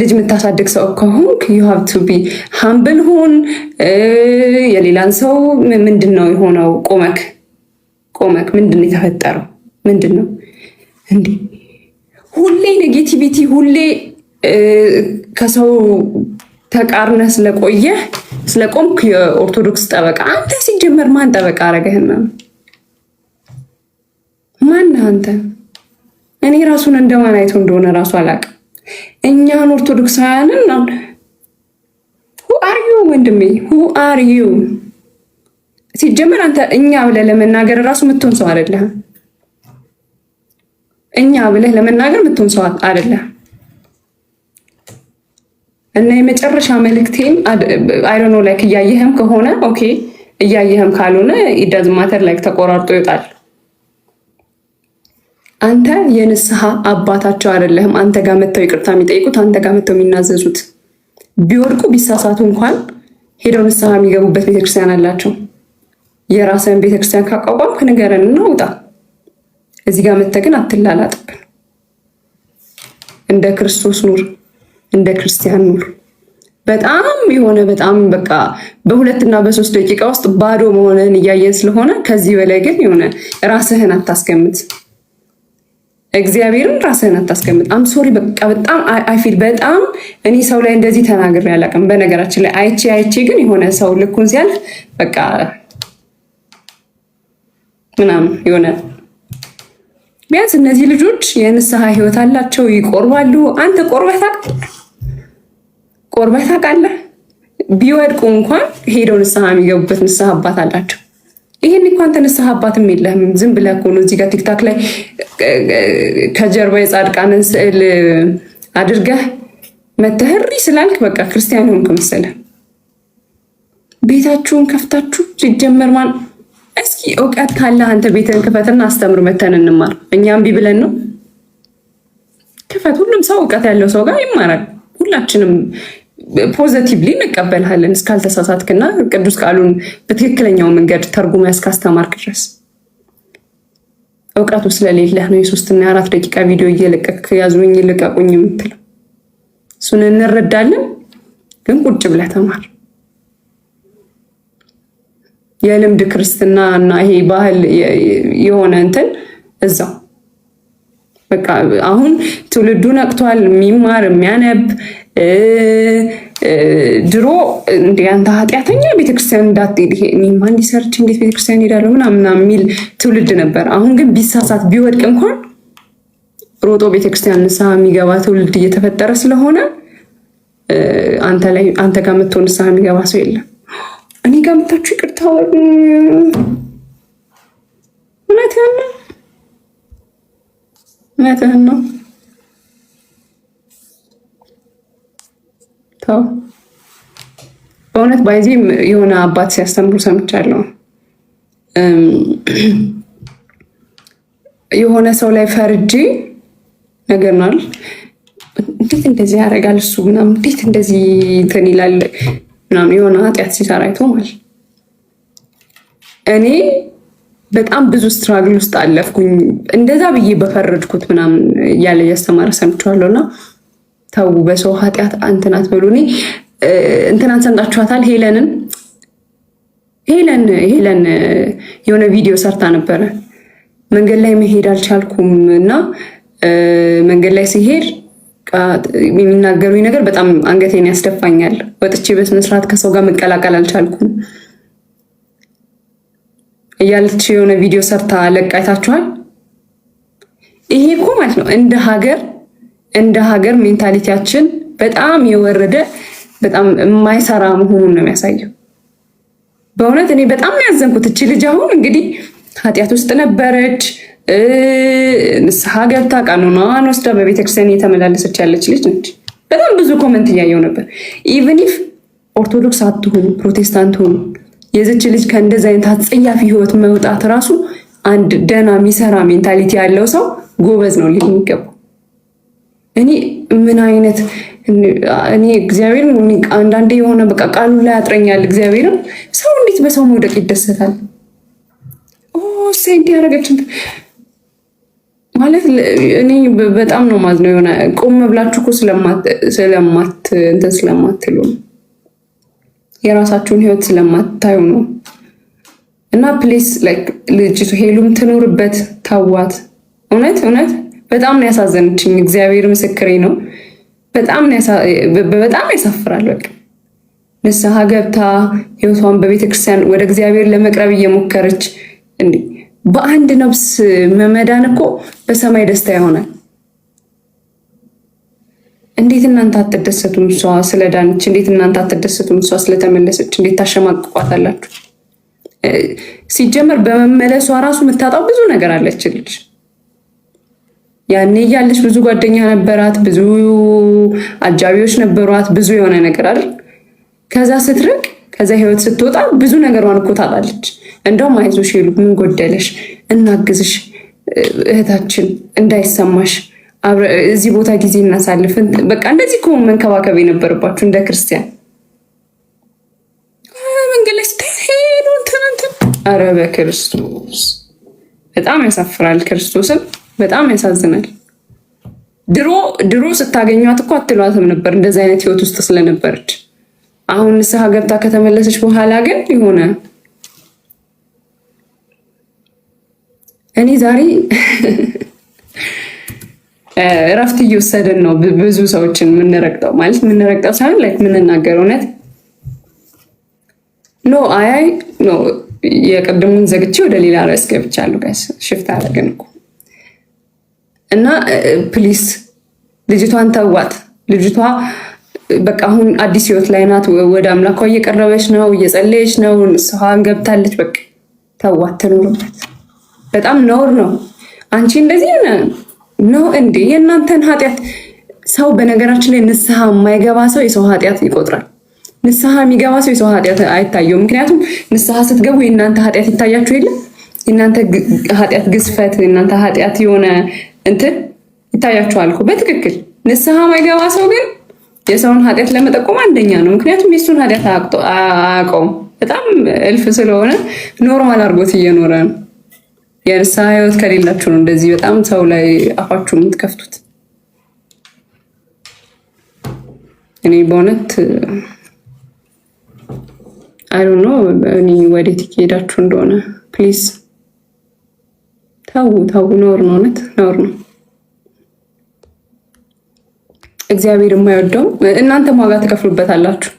ልጅ የምታሳድግ ሰው ከሆንክ ዩ ሃቭ ቱ ቢ ሃምብል ሁን። የሌላን ሰው ምንድን ነው የሆነው? ቆመክ ቆመክ ምንድን ነው የተፈጠረው? ምንድን ነው እንዴ? ሁሌ ኔጌቲቪቲ፣ ሁሌ ከሰው ተቃርነ ስለቆየ ስለቆምክ የኦርቶዶክስ ጠበቃ አንተ ሲጀመር ማን ጠበቃ አረገህና? ማን አንተ? እኔ ራሱን እንደማን አይቶ እንደሆነ ራሱ አላውቅም። እኛን ኦርቶዶክሳውያንን ነው። ሁ አር ዩ ወንድሜ፣ ሁ አር ዩ ሲጀመር አንተ እኛ ብለህ ለመናገር እራሱ የምትሆን ሰው አይደለህም። እኛ ብለህ ለመናገር የምትሆን ሰው አይደለህም። እና የመጨረሻ መልእክቴም አይዶኖ ላይክ እያየህም ከሆነ ኦኬ፣ እያየህም ካልሆነ ኢዳዝ ማተር ላይክ ተቆራርጦ ይወጣል። አንተ የንስሐ አባታቸው አይደለህም። አንተ ጋር መጥተው ይቅርታ የሚጠይቁት አንተ ጋር መጥተው የሚናዘዙት ቢወድቁ ቢሳሳቱ እንኳን ሄደው ንስሐ የሚገቡበት ቤተክርስቲያን አላቸው። የራስን ቤተክርስቲያን ካቋቋምክ ንገረን እና ውጣ። እዚህ ጋር መጥተህ ግን አትላላጥብን። እንደ ክርስቶስ ኑር፣ እንደ ክርስቲያን ኑር። በጣም የሆነ በጣም በቃ በሁለትና በሶስት ደቂቃ ውስጥ ባዶ መሆንህን እያየን ስለሆነ ከዚህ በላይ ግን የሆነ ራስህን አታስገምት። እግዚአብሔርን ራስህን አታስቀምጥ። አም ሶሪ በቃ በጣም አይፊል በጣም እኔ ሰው ላይ እንደዚህ ተናግሬ አላውቅም። በነገራችን ላይ አይቼ አይቼ ግን የሆነ ሰው ልኩን ሲያልፍ በቃ ምናምን የሆነ ቢያንስ እነዚህ ልጆች የንስሐ ህይወት አላቸው፣ ይቆርባሉ። አንተ ቆርበህ ታውቃለህ፣ ቆርበህ ታውቃለህ። ቢወድቁ እንኳን ሄደው ንስሐ የሚገቡበት ንስሐ አባት አላቸው። ይሄን እኮ አንተ ንስሐ አባትም የለህም። ዝም ብለህ እኮ ነው እዚህ ጋር ቲክታክ ላይ ከጀርባ የጻድቃንን ስዕል አድርገህ መተህሪ ስላልክ በቃ ክርስቲያን ሆንክ መሰለህ። ቤታችሁን ከፍታችሁ ሲጀመር ማን እስኪ እውቀት ካለህ አንተ ቤትህን ክፈትና አስተምር፣ መተን እንማር። እኛም ቢ ብለን ነው ክፈት። ሁሉም ሰው እውቀት ያለው ሰው ጋር ይማራል። ሁላችንም ፖዘቲቭሊ እንቀበልሃለን እስካልተሳሳትክና ቅዱስ ቃሉን በትክክለኛው መንገድ ተርጉመህ እስካስተማርክ ድረስ። እውቀቱ ስለሌለህ ነው የሶስትና የአራት ደቂቃ ቪዲዮ እየለቀክ ያዙኝ ልቀቁኝ የምትለው። እሱን እንረዳለን፣ ግን ቁጭ ብለህ ተማር። የልምድ ክርስትና እና ይሄ ባህል የሆነ እንትን እዛው በቃ አሁን ትውልዱ ነቅቷል። የሚማር የሚያነብ ድሮ እንደ አንተ ኃጢአተኛ ቤተክርስቲያን እንዳትሄድ እኔማ እንዲሰርች እንዴት ቤተክርስቲያን ሄዳለሁ ምናምን የሚል ትውልድ ነበር። አሁን ግን ቢሳሳት ቢወድቅ እንኳን ሮጦ ቤተክርስቲያን ንስሐ የሚገባ ትውልድ እየተፈጠረ ስለሆነ አንተ ጋር መቶ ንስሐ የሚገባ ሰው የለም። እኔ ጋር መታችሁ ይቅርታ እውነትህን ነው። ተው በእውነት ባይዚህም የሆነ አባት ሲያስተምሩ ሰምቻለሁ። የሆነ ሰው ላይ ፈርጄ ነገር ነው እንዴት እንደዚህ ያደርጋል እሱ ምናምን እንዴት እንደዚህ እንትን ይላል ምናምን የሆነ ኃጢአት ሲሰራ አይቶ ማለት እኔ በጣም ብዙ ስትራግል ውስጥ አለፍኩኝ። እንደዛ ብዬ በፈረድኩት ምናምን እያለ እያስተማረ ሰምቸዋለሁ። እና ተው በሰው ኃጢአት እንትናት በሉ። እኔ እንትናን ሰምጣችኋታል? ሄለንን ሄለን ሄለን የሆነ ቪዲዮ ሰርታ ነበረ። መንገድ ላይ መሄድ አልቻልኩም እና መንገድ ላይ ሲሄድ የሚናገሩኝ ነገር በጣም አንገቴን ያስደፋኛል። ወጥቼ በስነስርዓት ከሰው ጋር መቀላቀል አልቻልኩም እያለች የሆነ ቪዲዮ ሰርታ ለቃይታችኋል። ይሄ እኮ ማለት ነው እንደ ሀገር እንደ ሀገር ሜንታሊቲያችን በጣም የወረደ በጣም የማይሰራ መሆኑን ነው የሚያሳየው። በእውነት እኔ በጣም ያዘንኩት እች ልጅ አሁን እንግዲህ ኃጢአት ውስጥ ነበረች። ንስሐ ገብታ ቀኖናዋን ወስዳ በቤተክርስቲያን እየተመላለሰች ያለች ልጅ ነች። በጣም ብዙ ኮመንት እያየው ነበር። ኢቨን ኢፍ ኦርቶዶክስ አትሆኑ ፕሮቴስታንት ሆኑ የዝች ልጅ ከእንደዚህ አይነት አጸያፊ ህይወት መውጣት ራሱ አንድ ደህና የሚሰራ ሜንታሊቲ ያለው ሰው ጎበዝ ነው ሊል የሚገባው። እኔ ምን አይነት እኔ እግዚአብሔር አንዳንዴ የሆነ በቃ ቃሉ ላይ ያጥረኛል። እግዚአብሔርም ሰው እንዴት በሰው መውደቅ ይደሰታል? ሴንት ያደረገችን ማለት እኔ በጣም ነው ማለት ነው የሆነ ቆም ብላችሁ ስለማት እንትን ስለማትሉ ነው የራሳችሁን ህይወት ስለማታዩ ነው። እና ፕሊስ ልጅቱ ሄሉም ትኖርበት ታዋት። እውነት እውነት በጣም ነው ያሳዘነችኝ። እግዚአብሔር ምስክሬ ነው። በጣም ያሳፍራል። በቃ ንስሐ ገብታ ህይወቷን በቤተክርስቲያን ወደ እግዚአብሔር ለመቅረብ እየሞከረች በአንድ ነፍስ መመዳን እኮ በሰማይ ደስታ ይሆናል። እንዴት እናንተ አትደሰቱም? እሷ ስለዳነች እንዴት እናንተ አትደሰቱም? እሷ ስለተመለሰች እንዴት ታሸማቅቋታላችሁ? ሲጀመር በመመለሷ ራሱ የምታጣው ብዙ ነገር አለች ልጅ። ያኔ እያለች ብዙ ጓደኛ ነበራት፣ ብዙ አጃቢዎች ነበሯት፣ ብዙ የሆነ ነገር አይደል? ከዛ ስትርቅ፣ ከዛ ህይወት ስትወጣ ብዙ ነገሯን እኮ ታጣለች። እንደውም አይዞሽ ይሉ ምን ጎደለሽ፣ እናግዝሽ፣ እህታችን እንዳይሰማሽ እዚህ ቦታ ጊዜ እናሳልፍን። በቃ እንደዚህ ከሆኑ መንከባከብ የነበረባችሁ እንደ ክርስቲያን መንገድ አረ በክርስቶስ በጣም ያሳፍራል። ክርስቶስም በጣም ያሳዝናል። ድሮ ድሮ ስታገኟት እኮ አትሏትም ነበር እንደዚህ አይነት ህይወት ውስጥ ስለነበረች። አሁን ንስሐ ገብታ ከተመለሰች በኋላ ግን የሆነ እኔ ዛሬ እረፍት እየወሰድን ነው። ብዙ ሰዎችን የምንረግጠው ማለት የምንረግጠው ሳይሆን ላይ የምንናገር እውነት ኖ አያይ ኖ የቅድሙን ዘግቼ ወደ ሌላ ርዕስ ገብቻለሁ። ጋይስ ሽፍት አደረግን እኮ እና ፕሊስ ልጅቷን ተዋት። ልጅቷ በቃ አሁን አዲስ ህይወት ላይ ናት። ወደ አምላኳ እየቀረበች ነው፣ እየጸለየች ነው፣ ንስሐን ገብታለች። በቃ ተዋት፣ ትኖርበት። በጣም ነውር ነው። አንቺ እንደዚህ ነው እንዴ? የእናንተን ኃጢአት ሰው በነገራችን ላይ ንስሐ የማይገባ ሰው የሰው ኃጢአት ይቆጥራል። ንስሐ የሚገባ ሰው የሰው ኃጢአት አይታየው። ምክንያቱም ንስሐ ስትገቡ የእናንተ ኃጢአት ይታያችሁ የለም የእናንተ ኃጢአት ግዝፈት፣ የእናንተ ኃጢአት የሆነ እንትን ይታያችኋል እኮ በትክክል። ንስሐ ማይገባ ሰው ግን የሰውን ኃጢአት ለመጠቆም አንደኛ ነው። ምክንያቱም የሱን ኃጢአት አያውቀውም። በጣም እልፍ ስለሆነ ኖርማል አድርጎት እየኖረ ነው። የንስሐ ህይወት ከሌላችሁ ነው እንደዚህ በጣም ሰው ላይ አፋችሁ የምትከፍቱት። እኔ በእውነት አይዶ ነው እኔ ወዴት እየሄዳችሁ እንደሆነ ፕሊዝ ታው ታው። ነውር ነው፣ እውነት ነውር ነው። እግዚአብሔር የማይወደው እናንተም ዋጋ ትከፍሉበታላችሁ።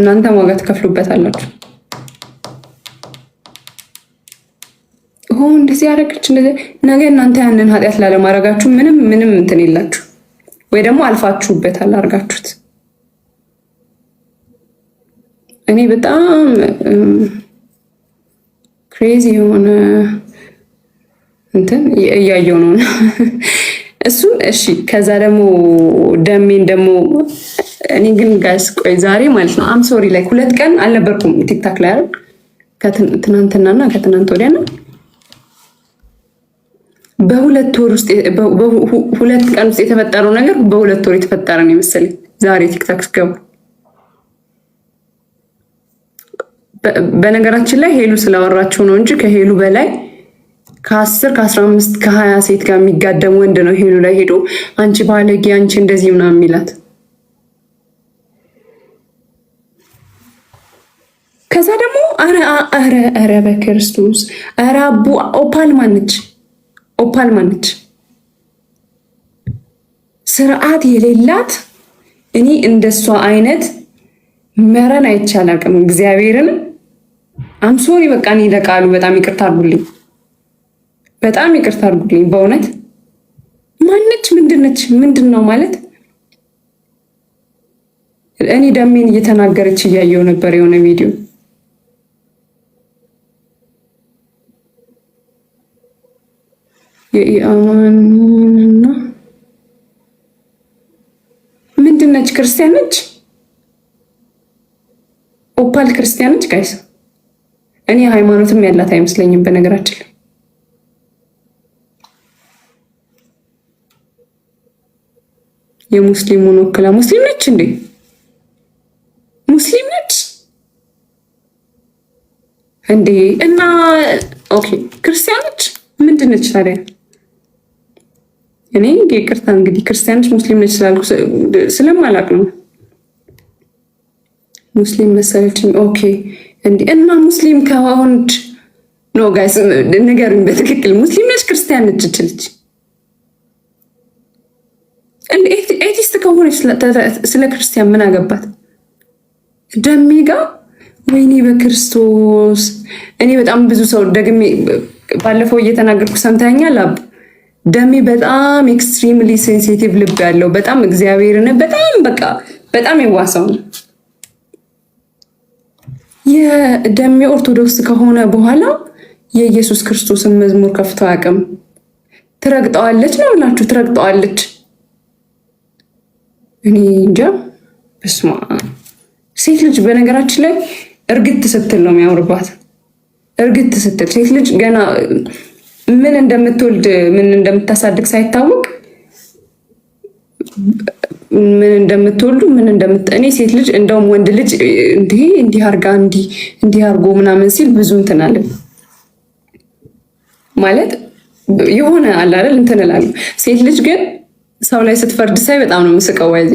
እናንተም ዋጋ ትከፍሉበታላችሁ። ሆ እንደዚህ ያደረገች ነገ እናንተ ያንን ኃጢአት ላለማድረጋችሁ ምንም ምንም እንትን የላችሁ ወይ ደግሞ አልፋችሁበታል አድርጋችሁት። እኔ በጣም ክሬዚ የሆነ እንትን እያየው ነው እሱን። እሺ ከዛ ደግሞ ደሜን ደግሞ እኔ ግን ጋስ ቆይ ዛሬ ማለት ነው አም ሶሪ ላይ ሁለት ቀን አልነበርኩም ቲክታክ ላይ አይደል? ከትናንትናና ከትናንት ወዲያና በሁለት ወር ውስጥ ሁለት ቀን ውስጥ የተፈጠረው ነገር በሁለት ወር የተፈጠረ ነው የመሰለኝ። ዛሬ ቲክታክ ስገቡ በነገራችን ላይ ሄሉ ስላወራችሁ ነው እንጂ ከሄሉ በላይ ከአስር ከአስራ አምስት ከሀያ ሴት ጋር የሚጋደም ወንድ ነው ሄሉ ላይ ሄዶ አንቺ ባለጌ፣ አንቺ እንደዚህ ምናምን የሚላት ከዛ ደግሞ አረ አረ አረ በክርስቶስ አረ አቡ ኦፓል ማነች ኦፓል ነች? ስርዓት የሌላት እኔ እንደሷ አይነት መረን አይቻል አቅም እግዚአብሔርን አምሶሪ በቃ እኔ ለቃሉ በጣም ይቅርታ አርጉልኝ፣ በጣም ይቅርታ አርጉልኝ። በእውነት ማነች? ምንድነች? ምንድን ነው ማለት እኔ ደሜን እየተናገረች እያየው ነበር የሆነ ቪዲዮ የኢአማኒና ምንድን ነች? ክርስቲያን ነች። ኦፓል ክርስቲያን ነች። ጋይስ እኔ ሃይማኖትም ያላት አይመስለኝም በነገራችን ላይ የሙስሊሙን ወክላ ሙስሊም ነች እንዴ? ሙስሊም ነች እንዴ? እና ኦኬ ክርስቲያኖች ምንድን ነች ታዲያ? እኔ ይቅርታ እንግዲህ ክርስቲያኖች ሙስሊም ነች ስላልኩ ስለማላቅ ነው። ሙስሊም መሰለችኝ። ኦኬ እንዲ እና ሙስሊም ከወንድ ኖ ጋይስ ንገሩኝ፣ በትክክል ሙስሊም ነች ክርስቲያን ነች? ችልች ኤቲስት ከሆነች ስለ ክርስቲያን ምን አገባት? ደሜ ጋ ወይኔ በክርስቶስ እኔ በጣም ብዙ ሰው ደግሜ ባለፈው እየተናገርኩ ሰምተኛል ደሜ በጣም ኤክስትሪምሊ ሴንሲቲቭ ልብ ያለው በጣም እግዚአብሔርን በጣም በቃ በጣም የዋሰው ነው። የደሜ ኦርቶዶክስ ከሆነ በኋላ የኢየሱስ ክርስቶስን መዝሙር ከፍቶ አያውቅም። ትረግጠዋለች ነው ብላችሁ ትረግጠዋለች። እኔ እንጃ በስማ ሴት ልጅ በነገራችን ላይ እርግት ስትል ነው የሚያምርባት። እርግት ስትል ሴት ልጅ ገና ምን እንደምትወልድ ምን እንደምታሳድግ ሳይታወቅ ምን እንደምትወልዱ ምን እንደምት እኔ ሴት ልጅ እንደውም ወንድ ልጅ እንዲህ እንዲህ አርጋ እንዲህ እንዲህ አርጎ ምናምን ሲል ብዙ እንትን ማለት የሆነ አለ አይደል ሴት ልጅ ግን ሰው ላይ ስትፈርድ ሳይ በጣም ነው የምስቀው። ወይዚ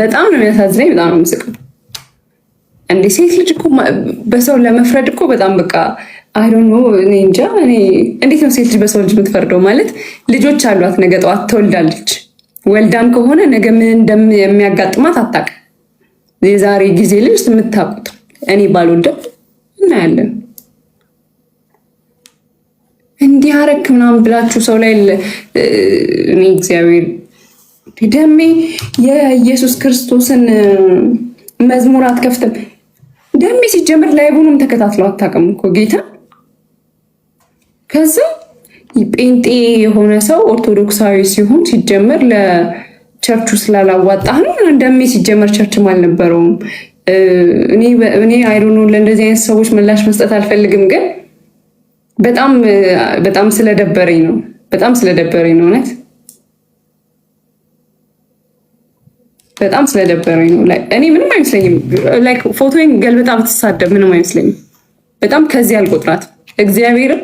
በጣም ነው የሚያሳዝነኝ፣ በጣም ነው የምስቀው። እንዴ ሴት ልጅ እኮ በሰው ለመፍረድ እኮ በጣም በቃ አይዶን እኔ እንጃ። እኔ እንዴት ነው ሴት ልጅ በሰው ልጅ የምትፈርደው? ማለት ልጆች አሏት፣ ነገ ጠዋት ትወልዳለች። ወልዳም ከሆነ ነገ ምን የሚያጋጥማት አታውቅም። የዛሬ ጊዜ ልጅ የምታውቁት እኔ ባልወልደም እናያለን። እንዲህ አረክ ምናምን ብላችሁ ሰው ላይ እኔ እግዚአብሔር ደሜ የኢየሱስ ክርስቶስን መዝሙር አትከፍትም። ደሜ ሲጀምር ላይቡንም ተከታትለው አታውቅም እኮ ጌታ ከዛ ጴንጤ የሆነ ሰው ኦርቶዶክሳዊ ሲሆን ሲጀመር ለቸርቹ ስላላዋጣህ ነው እንደሚ ሲጀመር ቸርችም አልነበረውም። እኔ አይሮኖ ለእንደዚህ አይነት ሰዎች ምላሽ መስጠት አልፈልግም፣ ግን በጣም በጣም ስለደበረኝ ነው። በጣም ስለደበረኝ ነው። እውነት በጣም ስለደበረኝ ነው። እኔ ምንም አይመስለኝም። ፎቶን ገልበጣ ብትሳደብ ምንም አይመስለኝም። በጣም ከዚህ አልቆጥራትም እግዚአብሔርም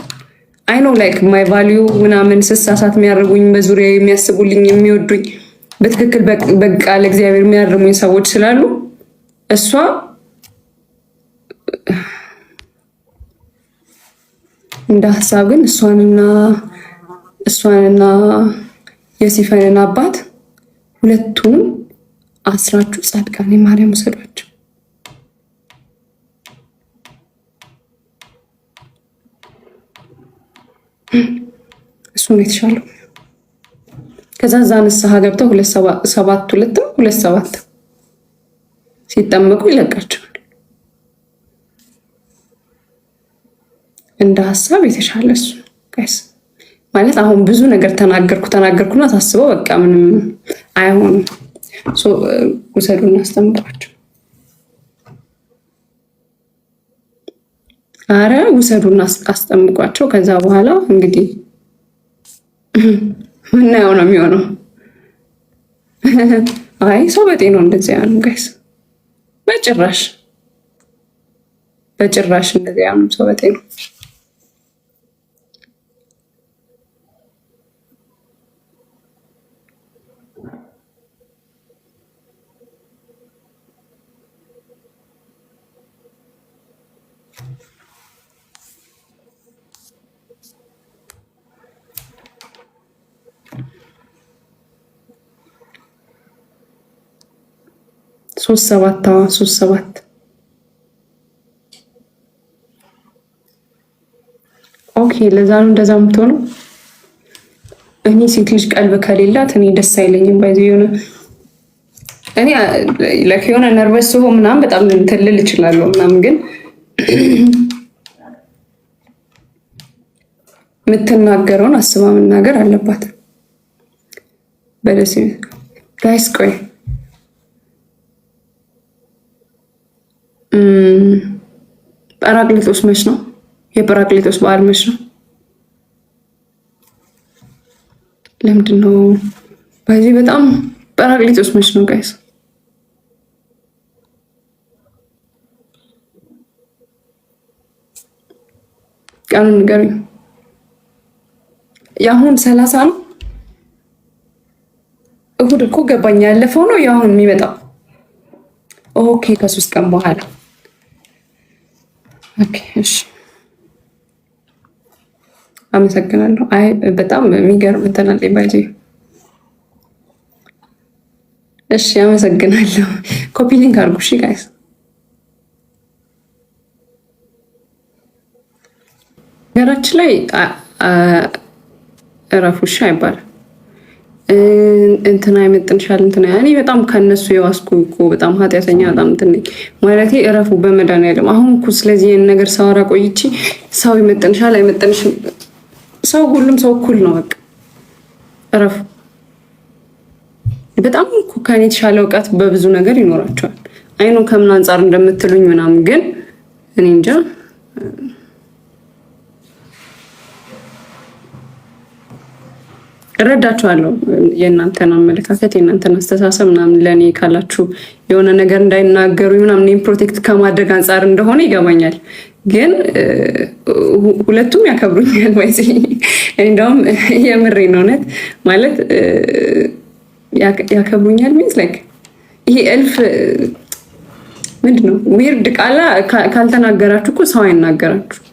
አይ ነው ላይክ ማይ ቫሊዩ ምናምን ስሳሳት የሚያደርጉኝ በዙሪያ የሚያስቡልኝ የሚወዱኝ በትክክል በቃ ለእግዚአብሔር የሚያርሙኝ ሰዎች ስላሉ እሷ እንደ ሀሳብ ግን እሷንና እሷንና የሲፈንን አባት ሁለቱንም አስራችሁ ጻድቃኔ ማርያም ውሰዷል። እሱ ነው የተሻለው። ከዛ እዛ ንስሐ ገብተው ሰባት ሁለትም ሁለት ሰባት ሲጠመቁ ይለቃቸዋል። እንደ ሀሳብ የተሻለ እሱ ቀስ ማለት አሁን ብዙ ነገር ተናገርኩ ተናገርኩና ታስበው በቃ ምንም አይሆንም። ውሰዱ እናስተምሯቸው። አረ ውሰዱና አስጠምቋቸው። ከዛ በኋላ እንግዲህ ምናየው ነው የሚሆነው። አይ ሰው በጤናው እንደዚህ ያኑ ጋይስ፣ በጭራሽ በጭራሽ እንደዚህ ያኑ ሰው በጤናው ሶስት ሰባት አዋ ሶስት ሰባት ኦኬ። ለዛ ነው እንደዛ የምትሆነው። እኔ ሴት ልጅ ቀልብ ከሌላት እኔ ደስ አይለኝም። ባይዚ የሆነ እኔ ለክ የሆነ ነርቨስ ስሆን ምናምን በጣም እንትን ልል እችላለሁ ምናምን ግን የምትናገረውን አስባ መናገር አለባት። በደስ ጋይስ ቆይ ጰራቅሊጦስ መች ነው? የጰራቅሊጦስ በዓል መች ነው? ለምንድን ነው በዚህ በጣም ጰራቅሊጦስ መች ነው ጋይስ? ቀኑን ንገሩኝ። የአሁን ሰላሳ ነው። እሁድ እኮ ገባኝ። ያለፈው ነው የአሁን የሚመጣው። ኦኬ ከሶስት ቀን በኋላ እሺ አመሰግናለሁ። አይ በጣም የሚገርም እንትን ባይዜ። እሺ አመሰግናለሁ። ኮፒ ሊንክ አድርጉ እሺ ጋይስ። ነገራችን ላይ እረፉ እሺ አይባልም። እንትና ይመጥንሻል እንትና እኔ በጣም ከነሱ የዋስኩ እኮ በጣም ኃጢአተኛ በጣም እንትን ነኝ ማለቴ እረፉ በመድኃኒዓለም አሁን እኮ ስለዚህ ይህን ነገር ሳወራ ቆይቼ ሰው ይመጥንሻል አይመጥንሽም ሰው ሁሉም ሰው እኩል ነው በቃ እረፉ በጣም እኮ ከኔ የተሻለ እውቀት በብዙ ነገር ይኖራቸዋል አይኑ ከምን አንጻር እንደምትሉኝ ምናምን ግን እኔ እንጃ እረዳችኋለሁ። የእናንተን አመለካከት የእናንተን አስተሳሰብ ምናምን ለእኔ ካላችሁ የሆነ ነገር እንዳይናገሩ ምናምን ፕሮቴክት ከማድረግ አንጻር እንደሆነ ይገባኛል። ግን ሁለቱም ያከብሩኛል። ባይዚ እንደውም የምሬን እውነት ማለት ያከብሩኛል። ሚንስ ላይክ ይሄ እልፍ ምንድን ነው ዊርድ ቃላ ካልተናገራችሁ እኮ ሰው አይናገራችሁ